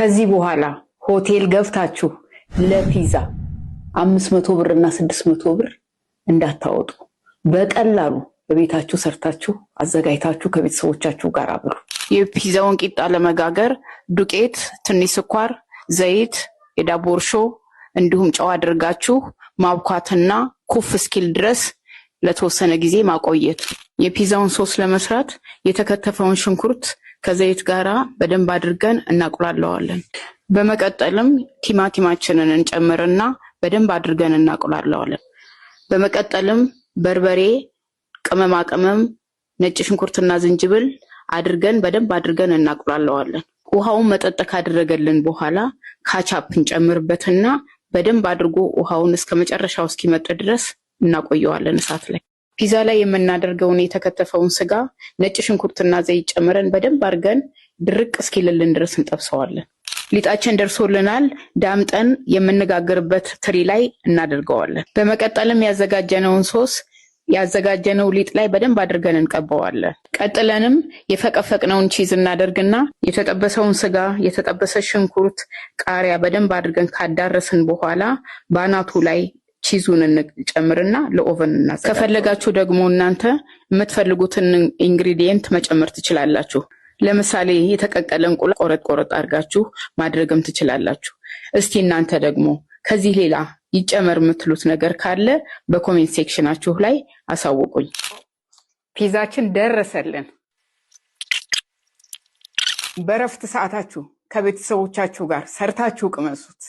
ከዚህ በኋላ ሆቴል ገብታችሁ ለፒዛ አምስት መቶ ብር እና ስድስት መቶ ብር እንዳታወጡ በቀላሉ በቤታችሁ ሰርታችሁ አዘጋጅታችሁ ከቤተሰቦቻችሁ ጋር አብሉ። የፒዛውን ቂጣ ለመጋገር ዱቄት፣ ትንሽ ስኳር፣ ዘይት፣ የዳቦ እርሾ እንዲሁም ጨው አድርጋችሁ ማብኳትና ኩፍ እስኪል ድረስ ለተወሰነ ጊዜ ማቆየት የፒዛውን ሶስ ለመስራት የተከተፈውን ሽንኩርት ከዘይት ጋር በደንብ አድርገን እናቁላለዋለን። በመቀጠልም ቲማቲማችንን እንጨምርና በደንብ አድርገን እናቁላለዋለን። በመቀጠልም በርበሬ፣ ቅመማ ቅመም፣ ነጭ ሽንኩርትና ዝንጅብል አድርገን በደንብ አድርገን እናቁላለዋለን። ውሃውን መጠጥ ካደረገልን በኋላ ካቻፕ እንጨምርበትና በደንብ አድርጎ ውሃውን እስከ መጨረሻው እስኪመጥ ድረስ እናቆየዋለን እሳት ላይ ፒዛ ላይ የምናደርገውን የተከተፈውን ስጋ ነጭ ሽንኩርትና ዘይት ጨምረን በደንብ አድርገን ድርቅ እስኪልልን ድረስ እንጠብሰዋለን። ሊጣችን ደርሶልናል። ዳምጠን የምንጋግርበት ትሪ ላይ እናደርገዋለን። በመቀጠልም ያዘጋጀነውን ሶስ ያዘጋጀነው ሊጥ ላይ በደንብ አድርገን እንቀባዋለን። ቀጥለንም የፈቀፈቅነውን ቺዝ እናደርግና የተጠበሰውን ስጋ፣ የተጠበሰ ሽንኩርት፣ ቃሪያ በደንብ አድርገን ካዳረስን በኋላ በአናቱ ላይ ቺዙን እንጨምርና ለኦቨን እናዘ ከፈለጋችሁ ደግሞ እናንተ የምትፈልጉትን ኢንግሪዲየንት መጨመር ትችላላችሁ። ለምሳሌ የተቀቀለ እንቁላል ቆረጥ ቆረጥ አድርጋችሁ ማድረግም ትችላላችሁ። እስቲ እናንተ ደግሞ ከዚህ ሌላ ይጨመር የምትሉት ነገር ካለ በኮሜንት ሴክሽናችሁ ላይ አሳውቁኝ። ፒዛችን ደረሰልን። በረፍት ሰዓታችሁ ከቤተሰቦቻችሁ ጋር ሰርታችሁ ቅመሱት።